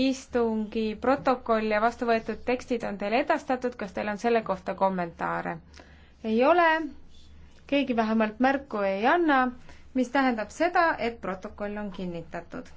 istungi protokoll ja vastu võetud tekstid on teile edastatud, kas teil on selle kohta kommentaare? ei ole, keegi vähemalt märku ei anna, mis tähendab seda, et protokoll on kinnitatud